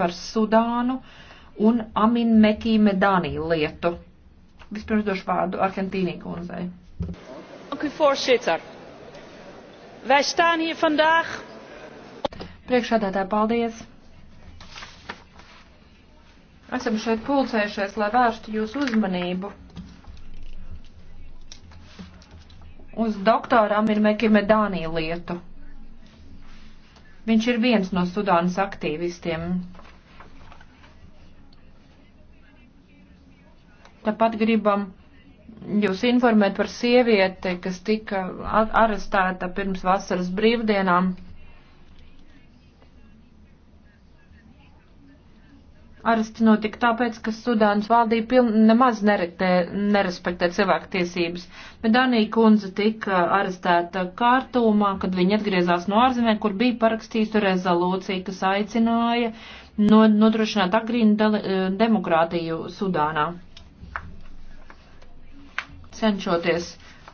par Sudānu un Amin Metī Medānī lietu. Vispirms došu vārdu Argentīnī kundzei. Priekšādātāji, paldies! Esam šeit pulcējušies, lai vērstu jūsu uzmanību uz doktora Amin Mekimedānī lietu. Viņš ir viens no Sudānas aktīvistiem. Tāpat gribam jūs informēt par sievieti, kas tika arestēta pirms vasaras brīvdienām. Arasti notika tāpēc, ka Sudānas valdība piln, nemaz nerektē, nerespektē cilvēku tiesības, bet Danija kundze tika arestēta kārtumā, kad viņa atgriezās no ārzemēm, kur bija parakstījusi rezolūciju, kas aicināja nodrošināt agrīnu eh, demokrātiju Sudānā. Cenšoties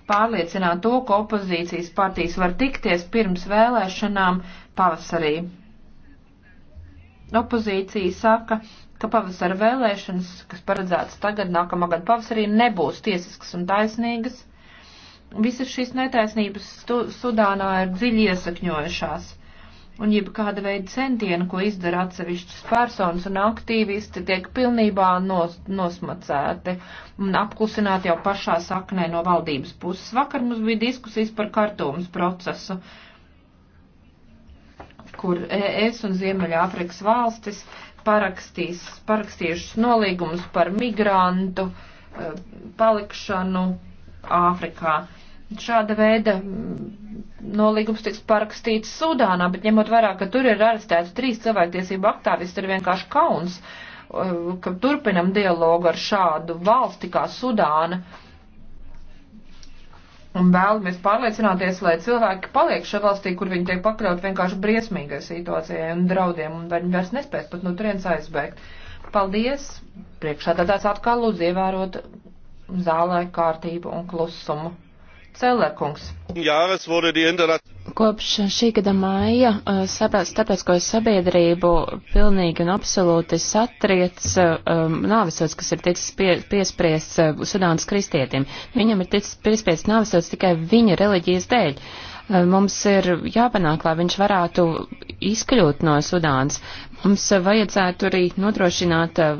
pārliecināt to, ka opozīcijas partijas var tikties pirms vēlēšanām pavasarī opozīcija saka, ka pavasara vēlēšanas, kas paredzētas tagad, nākamā gada pavasarī, nebūs tiesiskas un taisnīgas. Visas šīs netaisnības Sudānā ir dziļi iesakņojušās un jebkāda veida centieni, ko izdara atsevišķas personas un aktīvisti, tiek pilnībā nos, nosmacēti un apklusināti jau pašā saknē no valdības puses. Vakar mums bija diskusijas par kartūmas procesu, kur ES un Ziemeļāfrikas valstis parakstīs, parakstījušas nolīgumus par migrantu eh, palikšanu Āfrikā. Šāda veida mm, nolīgums tiks parakstīts Sudānā, bet ņemot vērā, ka tur ir arestēti trīs cilvēktiesību aktāvisti, ir vienkārši kauns, eh, ka turpinam dialogu ar šādu valsti kā Sudāna. Uh, un vēlamies pārliecināties, lai cilvēki paliek šajā valstī, kur viņi tiek pakļaut vienkārši briesmīgai situācijai un draudiem, un viņi vairs nespēs pat no turienes aizbēgt. Paldies! Priekšādātājs atkal lūdzu ievērot zālē kārtību un klusumu. Cellerkungs. Kopš šī gada māja eh, starptautisko sabiedrību pilnīgi un absolūti satriec um, eh, nāvisots, kas ir ticis pie, piespriests uh, Sudānas kristietim. Viņam ir ticis piespriests nāvisots tikai viņa reliģijas dēļ. Uh, mums ir jāpanāk, lai viņš varētu izkļūt no Sudānas. Mums vajadzētu arī nodrošināt eh,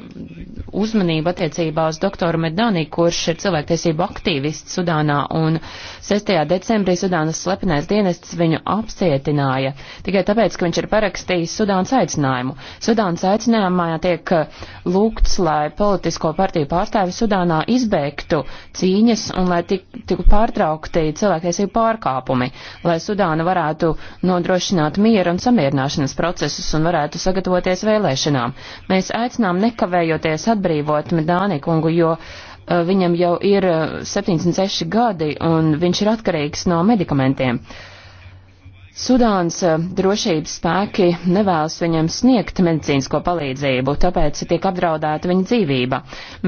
uzmanību attiecībā uz doktoru Medani, kurš ir cilvēktiesību aktīvists Sudānā, un 6. decembrī Sudānas slepenais dienests viņu apcietināja, tikai tāpēc, ka viņš ir parakstījis Sudānas aicinājumu. Sudānas aicinājumā tiek eh, lūgts, lai politisko partiju pārstāvi Sudānā izbeigtu cīņas un lai tiktu tik pārtraukti cilvēktiesību pārkāpumi, lai Sudāna varētu nodrošināt mieru un samierināšanas procesus un varētu sagatavot gatavoties vēlēšanām. Mēs aicinām nekavējoties atbrīvot Medāni kungu, jo uh, viņam jau ir 76 uh, gadi un viņš ir atkarīgs no medikamentiem. Sudāns uh, drošības spēki nevēlas viņam sniegt medicīnisko palīdzību, tāpēc tiek apdraudēta viņa dzīvība.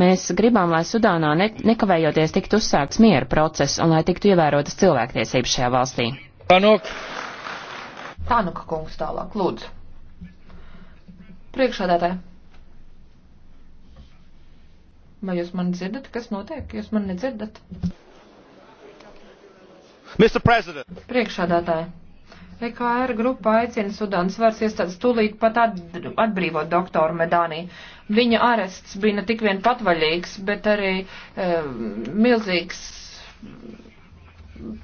Mēs gribam, lai Sudānā ne, nekavējoties tiktu uzsākts miera process un lai tiktu ievērotas cilvēktiesības šajā valstī. Tanok. Tanuka kungs tālāk, lūdzu. Priekšādātāji. Vai jūs mani dzirdat, kas notiek? Jūs mani nedzirdat? Priekšādātāji. EKR grupa aicina Sudānas varas iestādes tūlīt pat atbrīvot doktoru Medānī. Viņa arests bija ne tik vien patvaļīgs, bet arī e, milzīgs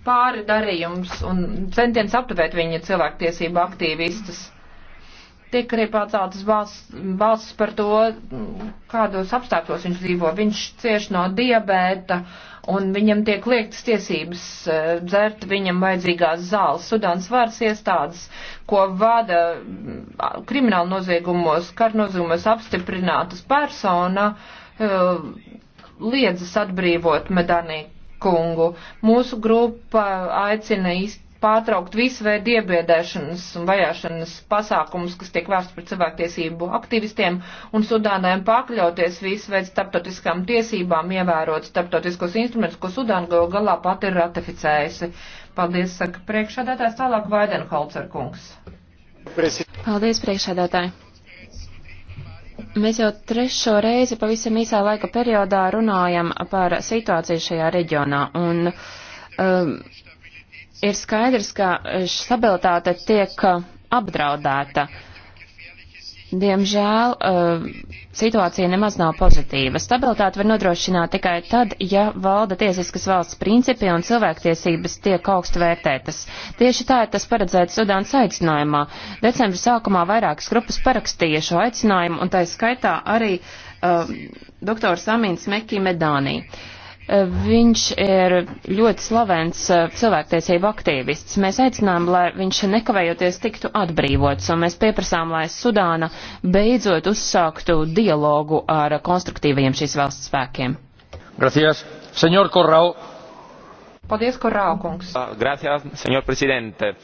pāri darījums un centiens aptuvēt viņa cilvēktiesību aktīvistus tiek arī paceltas balss, balss par to, kādos apstākļos viņš dzīvo. Viņš cieš no diabēta un viņam tiek liektas tiesības eh, dzert viņam vajadzīgās zāles. Sudāns varas iestādes, ko vada mm, krimināla noziegumos, kar noziegumos apstiprinātas persona, eh, liedzas atbrīvot medanī kungu. Mūsu grupa aicina īstenībā pārtraukt visu veidu iebiedēšanas un vajāšanas pasākumus, kas tiek vērsts pret cilvēktiesību aktivistiem un Sudānai pakļauties visu veidu starptautiskām tiesībām, ievērot starptautiskos instrumentus, ko Sudāna gal galā pat ir ratificējusi. Paldies, saka priekšādātājs, tālāk Vaidenholzer kungs. Paldies, priekšādātāji. Mēs jau trešo reizi pavisam īsā laika periodā runājam par situāciju šajā reģionā. Un, um, ir skaidrs, ka eh, stabilitāte tiek eh, apdraudēta. Diemžēl eh, situācija nemaz nav pozitīva. Stabilitāti var nodrošināt tikai tad, ja valda tiesiskas valsts principi un cilvēktiesības tiek augstu vērtētas. Tieši tā ir tas paredzēts Sudānas aicinājumā. Decembra sākumā vairākas grupas parakstīja šo aicinājumu, un tā skaitā arī uh, doktors Amins Mekī Medānī. Uh, Viņš ir ļoti slavens eh, cilvēktiesību aktīvists. Mēs aicinām, lai viņš nekavējoties tiktu atbrīvots, un mēs pieprasām, lai Sudāna beidzot uzsāktu dialogu ar konstruktīvajiem šīs valsts spēkiem. Gracias, senor Korrau. Paldies, Korrau, kungs. Ah, gracias, senor presidente.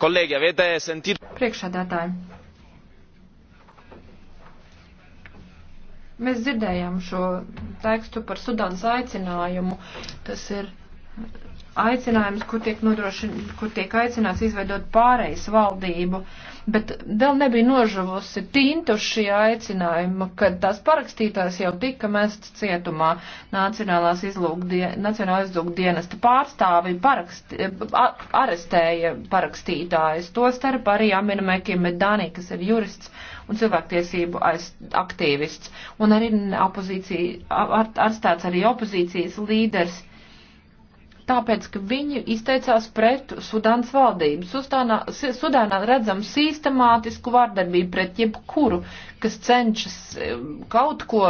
Kolēģi, avete sentir. Priekšādātāji. Mēs dzirdējām šo tekstu par Sudānas aicinājumu. Tas ir aicinājums, kur tiek, kur tiek aicināts izveidot pārejas valdību, bet vēl nebija nožavusi tintu šī aicinājuma, kad tās parakstītājs jau tika mests cietumā Nacionālās izlūkdie, Nacionālā izlūkdienesta pārstāvi parakst, a, arestēja parakstītājs, to starp arī Amina Mekim Medani, kas ir jurists un cilvēktiesību aktīvists. Un arī opozīcija, arstāts arī opozīcijas līderis tāpēc, ka viņi izteicās pret Sudānas valdības. Sustānā, Sudānā redzam sistemātisku vārdarbību pret jebkuru, kas cenšas um, kaut ko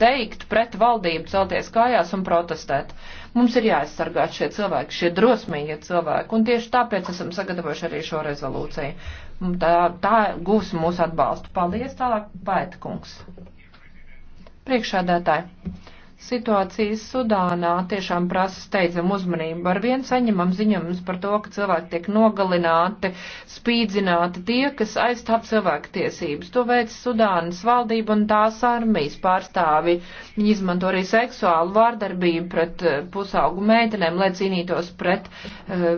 teikt pret valdību, celties kājās un protestēt. Mums ir jāaizsargā šie cilvēki, šie drosmīgie cilvēki, un tieši tāpēc esam sagatavojuši arī šo rezolūciju. Tā, tā gūs mūsu atbalstu. Paldies, tālāk, Baita kungs. Priekšādātāji. Situācija Sudānā tiešām prasa steidzamu uzmanību. Ar vien saņemam ziņojumus par to, ka cilvēki tiek nogalināti, spīdzināti tie, kas aizstāv cilvēku tiesības. To veic Sudānas valdība un tās armijas pārstāvi. Viņi izmanto arī seksuālu vārdarbību pret eh, pusaugu meitenēm, lai cīnītos pret. Uh,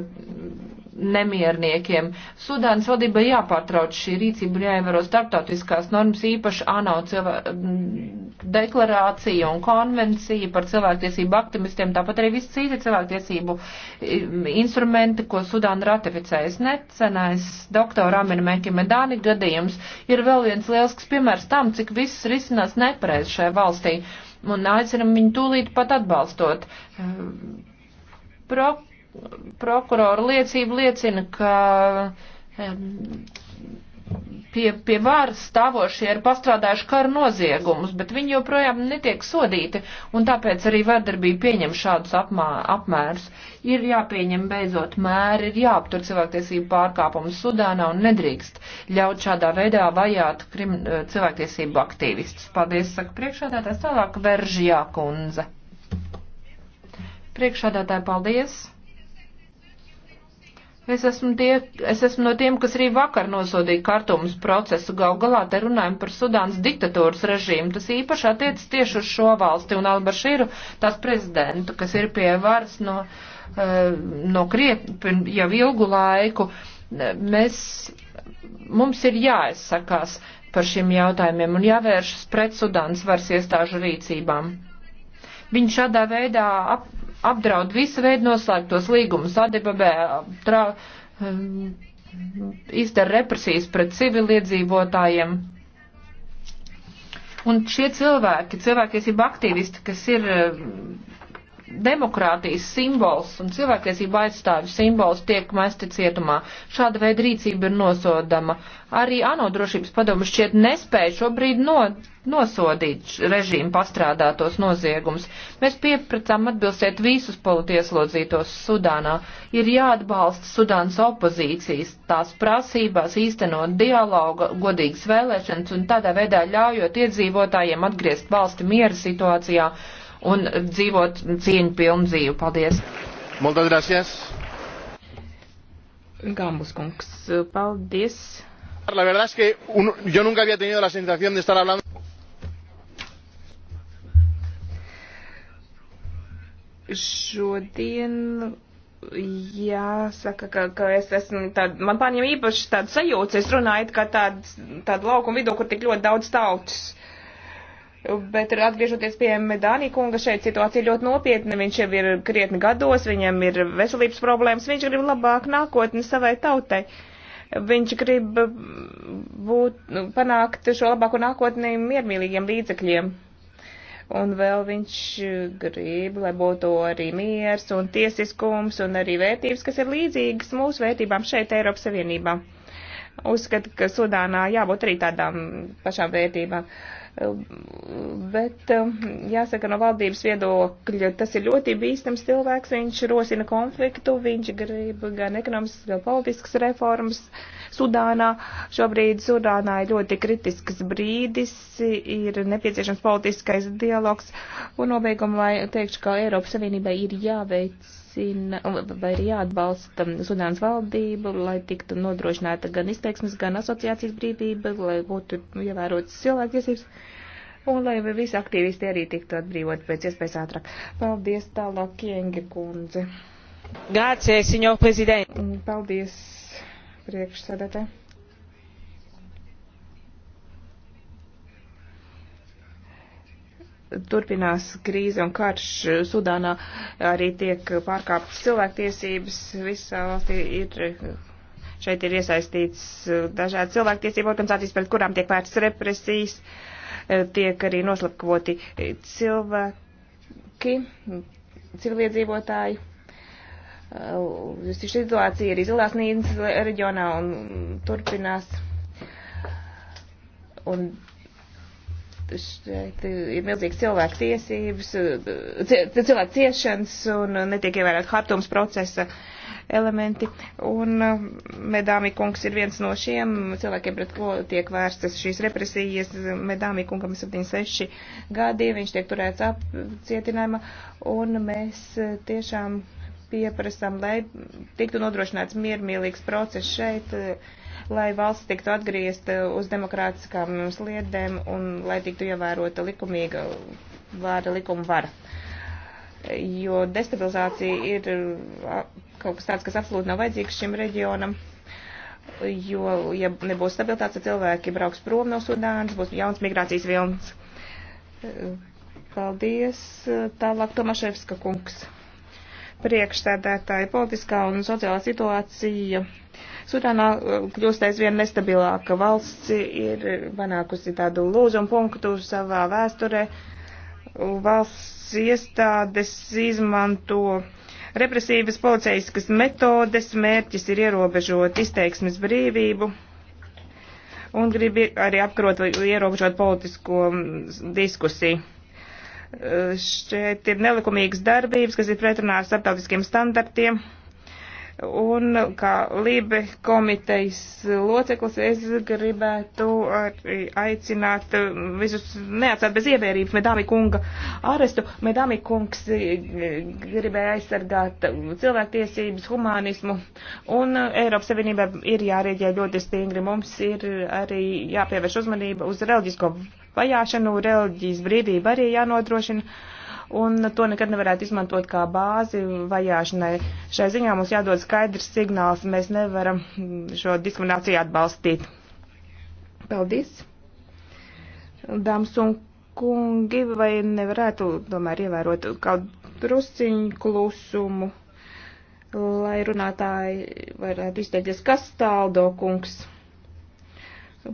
nemierniekiem. Sudānas valdībai jāpārtrauc šī rīcība un jāievēro starptautiskās normas, īpaši ANO cilvēku deklarācija un konvencija par cilvēktiesību aktivistiem, tāpat arī visi citi cilvēktiesību um, instrumenti, ko Sudāna ratificējas. Necenais doktora Amina Mekimedāni gadījums ir vēl viens lielsks piemērs tam, cik viss risinās nepareiz šajā valstī. Un aicinam viņu tūlīt pat atbalstot. Um, pro, prokuroru liecība liecina, ka um, pie, pie varas stāvošie ir pastrādājuši karu noziegumus, bet viņi joprojām netiek sodīti, un tāpēc arī vardarbība pieņem šādus apmā, apmērus. Ir jāpieņem beidzot mēri, ir jāaptur cilvēktiesību pārkāpumu Sudānā un nedrīkst ļaut šādā veidā vajāt krim, eh, cilvēktiesību aktīvistus. Paldies, saka priekšādātājs tālāk, Veržjā kundze. Priekšādātāji, paldies! Es esmu, tie, es esmu no tiem, kas arī vakar nosodīja kartumas procesu. Gal galā te runājam par Sudānas diktatūras režīmu. Tas īpaši attiec tieši uz šo valsti un Albašīru, tās prezidentu, kas ir pie varas no, eh, no krietni jau ilgu laiku. Mēs, mums ir jāizsakās par šiem jautājumiem un jāvēršas pret Sudānas varas iestāžu rīcībām. Viņi šādā veidā ap, apdraud visu veidu noslēgtos līgumus. Adibabē tra, um, izdara represijas pret civiliedzīvotājiem. Un šie cilvēki, cilvēkiesība aktīvisti, kas ir um, demokrātijas simbols un cilvēktiesība aizstāvju simbols tiek mesti cietumā. Šāda veida rīcība ir nosodama. Arī ANO drošības padomu šķiet nespēja šobrīd no, nosodīt režīmu pastrādātos noziegumus. Mēs piepratām atbilstēt visus politieslodzītos Sudānā. Ir jāatbalsta Sudānas opozīcijas, tās prasībās īstenot dialogu, godīgas vēlēšanas un tādā veidā ļaujot iedzīvotājiem atgriezt valsti miera situācijā un dzīvot cieņu pilnu dzīvi. Paldies! Moldas gracias! Gambus kungs, paldies! La verdad es que un, yo nunca había tenido la sensación de estar hablando. Šodien jāsaka, ka, ka es esmu tāda, man pārņem īpaši tāda sajūta, es runāju kā tāds, tāda laukuma vidū, kur tik ļoti daudz tautas. Uh, Bet atgriežoties pie Medānī kunga, šeit situācija ļoti nopietna. Viņš jau ir krietni gados, viņam ir veselības problēmas, viņš grib labāk nākotni savai tautai. Viņš grib uh, būt, nu, panākt šo labāko nākotni miermīlīgiem līdzekļiem. Un vēl viņš uh, grib, lai būtu arī miers un tiesiskums un arī vērtības, kas ir līdzīgas mūsu vērtībām šeit Eiropas Savienībā uzskata, ka Sudānā jābūt arī tādām pašām vērtībām. Bet, um, jāsaka, no valdības viedokļa tas ir ļoti bīstams cilvēks, viņš rosina konfliktu, viņš grib gan ekonomiskas, gan politiskas reformas Sudānā. Šobrīd Sudānā ir ļoti kritisks brīdis, ir nepieciešams politiskais dialogs, un nobeigumā teikšu, ka Eiropas Savienībai ir jāveic jārisina vai ir jāatbalsta Sudānas valdību, lai tiktu nodrošināta gan izteiksmes, gan asociācijas brīvība, lai būtu ievērotas cilvēktiesības un lai visi aktīvisti arī tiktu atbrīvot pēc iespējas ātrāk. Paldies tālāk, Kienge kundze. Grācie, signor prezident. Paldies, priekšsēdētāji. turpinās krīze un karš Sudānā, arī tiek pārkāptas cilvēktiesības, visā valstī ir. Šeit ir iesaistīts dažādi cilvēktiesību organizācijas, pret kurām tiek vērts represijas, tiek arī noslapkavoti cilvēki, civiliedzīvotāji. Šī situācija ir izolās nīdas reģionā un turpinās. Un šeit ir milzīgs cilvēku tiesības, cilvēku ciešanas un netiek ievērot hartums procesa elementi. Un Medāmi kungs ir viens no šiem cilvēkiem, pret ko tiek vērstas šīs represijas. Medāmi kungam ir 76 gadi, viņš tiek turēts apcietinājumā, un mēs tiešām pieprasām, lai tiktu nodrošināts miermīlīgs process šeit, lai valsts tiktu atgriezta uz demokrātiskām sliedēm un lai tiktu ievērota likumīga vāra, likuma vara. Jo destabilizācija ir kaut kas tāds, kas absolūti nav vajadzīgs šim reģionam jo, ja nebūs stabilitātes, tad cilvēki brauks prom no Sudānas, būs jauns migrācijas vilnis. Paldies. Tālāk Tomaševska kungs priekšsēdētāji. Politiskā un sociālā situācija Sudānā uh, kļūst aizvien nestabilāka. Valsts ir panākusi tādu lūzumu punktu savā vēsturē. Valsts iestādes izmanto represīvas policijas metodes, mērķis ir ierobežot izteiksmes brīvību un grib arī apkarot vai ierobežot politisko diskusiju Šeit ir nelikumīgas darbības, kas ir pretrunā ar starptautiskiem standartiem. Un kā Lībe komitejas loceklis es gribētu arī aicināt visus neatstāt bez ievērības Medāmi kunga arestu. Medāmi kungs gribēja aizsargāt cilvēktiesības, humanismu un Eiropas Savienībā ir jārēģē ļoti stingri. Mums ir arī jāpievērš uzmanība uz reliģisko vajāšanu, reliģijas brīvība arī jānodrošina un to nekad nevarētu izmantot kā bāzi vajāšanai. Šai ziņā mums jādod skaidrs signāls, mēs nevaram šo diskrimināciju atbalstīt. Paldies! Dāmas un kungi, vai nevarētu, domāju, ievērot kaut drusciņu klusumu, lai runātāji varētu izteikties, kas tāldo kungs?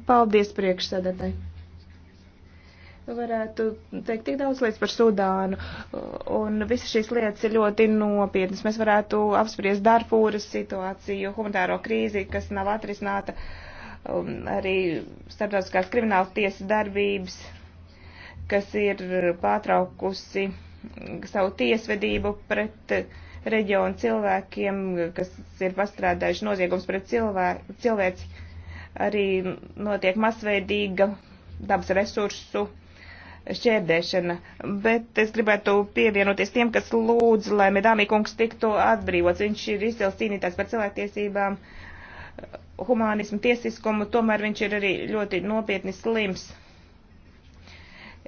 Paldies priekšsēdētāji! varētu teikt tik daudz lietas par Sudānu, un visas šīs lietas ir ļoti nopietnas. Mēs varētu apspriest Darfūras situāciju, humanitāro krīzi, kas nav atrisināta, um, arī starptautiskās krimināla tiesas darbības, kas ir pārtraukusi savu tiesvedību pret reģionu cilvēkiem, kas ir pastrādājuši noziegums pret cilvē, cilvēci. Arī notiek masveidīga dabas resursu šķērdēšana, bet es gribētu pievienoties tiem, kas lūdz, lai Medāmī kungs tiktu atbrīvots. Viņš ir izcils cīnītājs par cilvēktiesībām, humānismu, tiesiskumu, tomēr viņš ir arī ļoti nopietni slims.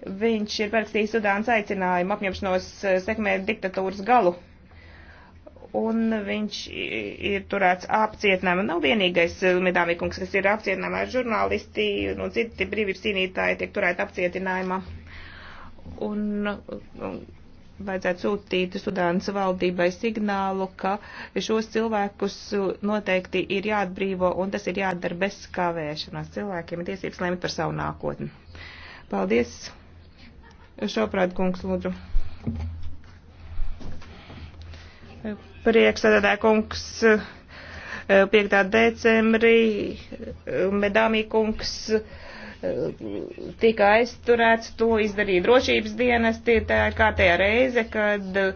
Viņš ir parakstījis Sudānas aicinājumu apņemšanos sekmēt diktatūras galu. Un viņš ir turēts apcietinājumā. Nav vienīgais Medāmī kungs, kas ir apcietinājumā. Žurnālisti un nu, citi brīvības cīnītāji tiek turēti apcietinājumā un vajadzētu sūtīt Sudānas valdībai signālu, ka šos cilvēkus noteikti ir jāatbrīvo un tas ir jādara bez kavēšanās. Cilvēkiem ir tiesības lemt par savu nākotni. Paldies. Šoprāt, kungs, lūdzu. Priekšsēdētāj, kungs. 5. decembrī Medāmī kungs tika aizturēts, to izdarīja drošības dienesti, tā ir kārtējā reize, kad uh,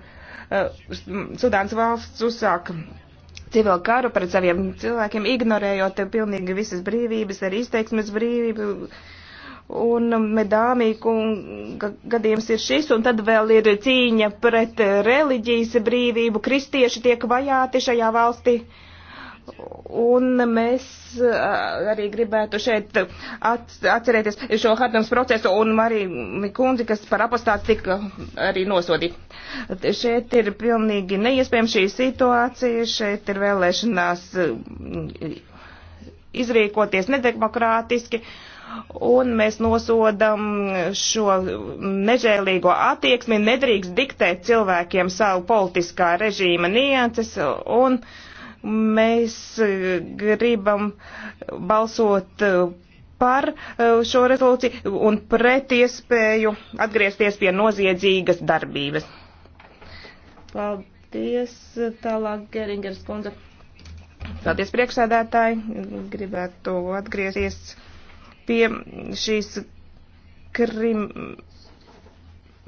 Sudāns valsts uzsāka civilu karu pret saviem cilvēkiem, ignorējot pilnīgi visas brīvības, arī izteiksmes brīvību. Un medāmī kunga gadījums ir šis, un tad vēl ir cīņa pret reliģijas brīvību. Kristieši tiek vajāti šajā valstī. Uh, Un mēs arī gribētu šeit atcerēties šo Hardams procesu un arī kundzi, kas par apostāti tika arī nosodīta. Šeit ir pilnīgi neiespējama šī situācija, šeit ir vēlēšanās izrīkoties nedemokrātiski. Un mēs nosodam šo nežēlīgo attieksmi, nedrīkst diktēt cilvēkiem savu politiskā režīma nianses. Un, uh, Mēs e, gribam balsot e, par e, šo rezolūciju un pret iespēju atgriezties pie noziedzīgas darbības. Paldies, tālāk Geringers kundze. Paldies priekšsēdētāji, gribētu atgriezties pie šīs krim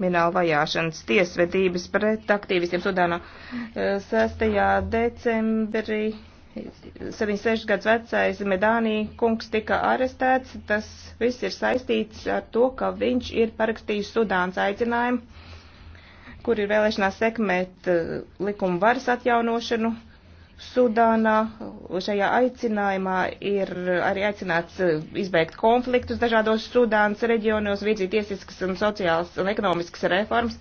krimināla vajāšanas tiesvedības pret aktīvistiem Sudānā. 6. Eh, decembrī 76 gads vecais Medānī kungs tika arestēts. Tas viss ir saistīts ar to, ka viņš ir parakstījis Sudāns aicinājumu, kur ir vēlēšanās sekmēt eh, likuma varas atjaunošanu Sudānā. Šajā aicinājumā ir arī aicināts uh, izbeigt konfliktus dažādos Sudānas reģionos, virzīt tiesiskas un sociālas un ekonomiskas reformas.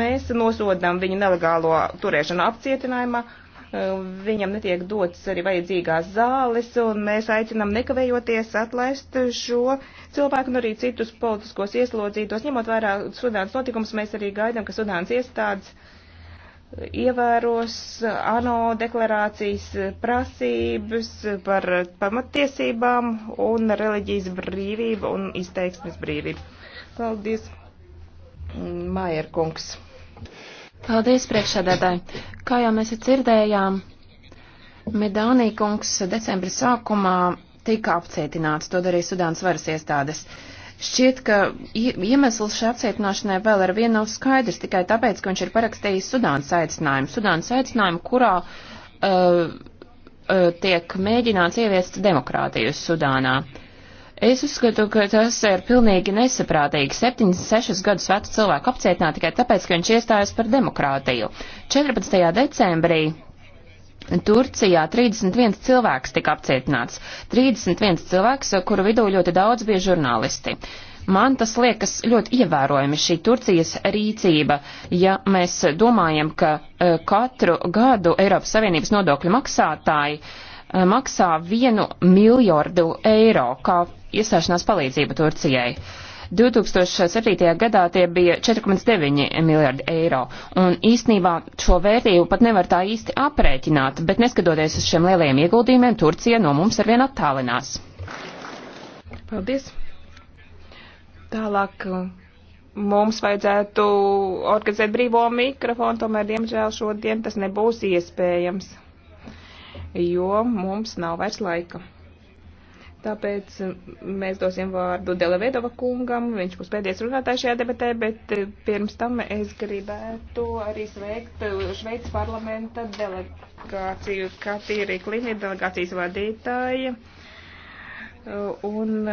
Mēs nosodām viņu nelegālo turēšanu apcietinājumā. Uh, viņam netiek dotas arī vajadzīgās zāles, un mēs aicinām nekavējoties atlaist šo cilvēku un arī citus politiskos ieslodzītos. Ņemot vērā Sudānas notikumus, mēs arī gaidām, ka Sudānas iestādes uh, ievēros ANO deklarācijas prasības par pamatiesībām un reliģijas brīvību un izteiksmes brīvību. Paldies, Mājerkungs. Paldies, priekšsēdētāji. Kā jau mēs dzirdējām, Medānī kungs decembra sākumā tika apcietināts, to darīja Sudānas varas iestādes. Uh, Šķiet, ka iemesls šai apcietināšanai vēl ar vienu nav skaidrs tikai tāpēc, ka viņš ir parakstījis Sudānas aicinājumu. Sudānas aicinājumu, kurā uh, uh, tiek mēģināts ieviest demokrātiju Sudānā. Es uzskatu, ka tas ir pilnīgi nesaprātīgi. 76 gadus vecu cilvēku apcietināt tikai tāpēc, ka viņš iestājas par demokrātiju. 14. decembrī Turcijā 31 cilvēks tika apcietināts. 31 cilvēks, kuru vidū ļoti daudz bija žurnālisti. Man tas liekas ļoti ievērojami šī Turcijas rīcība, ja mēs domājam, ka e, katru gadu Eiropas Savienības nodokļu maksātāji e, maksā vienu miljardu eiro kā iestāšanās palīdzība Turcijai. Uh, 2007. gadā tie bija 4,9 miljardi eiro. Un īstenībā šo vērtību pat nevar tā īsti aprēķināt, bet neskatoties uz šiem lielajiem ieguldījumiem, Turcija no mums arvien attālinās. Paldies. Tālāk uh, mums vajadzētu organizēt brīvo mikrofonu, tomēr, diemžēl, šodien tas nebūs iespējams, jo mums nav vairs laika. Tāpēc mēs dosim vārdu Delevedova kungam, viņš būs pēdējais runātājs šajā debatē, bet eh, pirms tam es gribētu arī sveikt eh, Šveicis parlamenta delegāciju, Katīri Klini, delegācijas vadītāja. Eh, un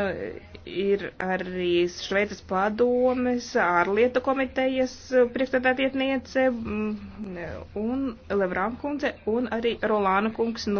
ir arī Šveicis padomes, ārlietu komitejas priekšstādātietniece un Levram kundze un arī Rolāna kungs no.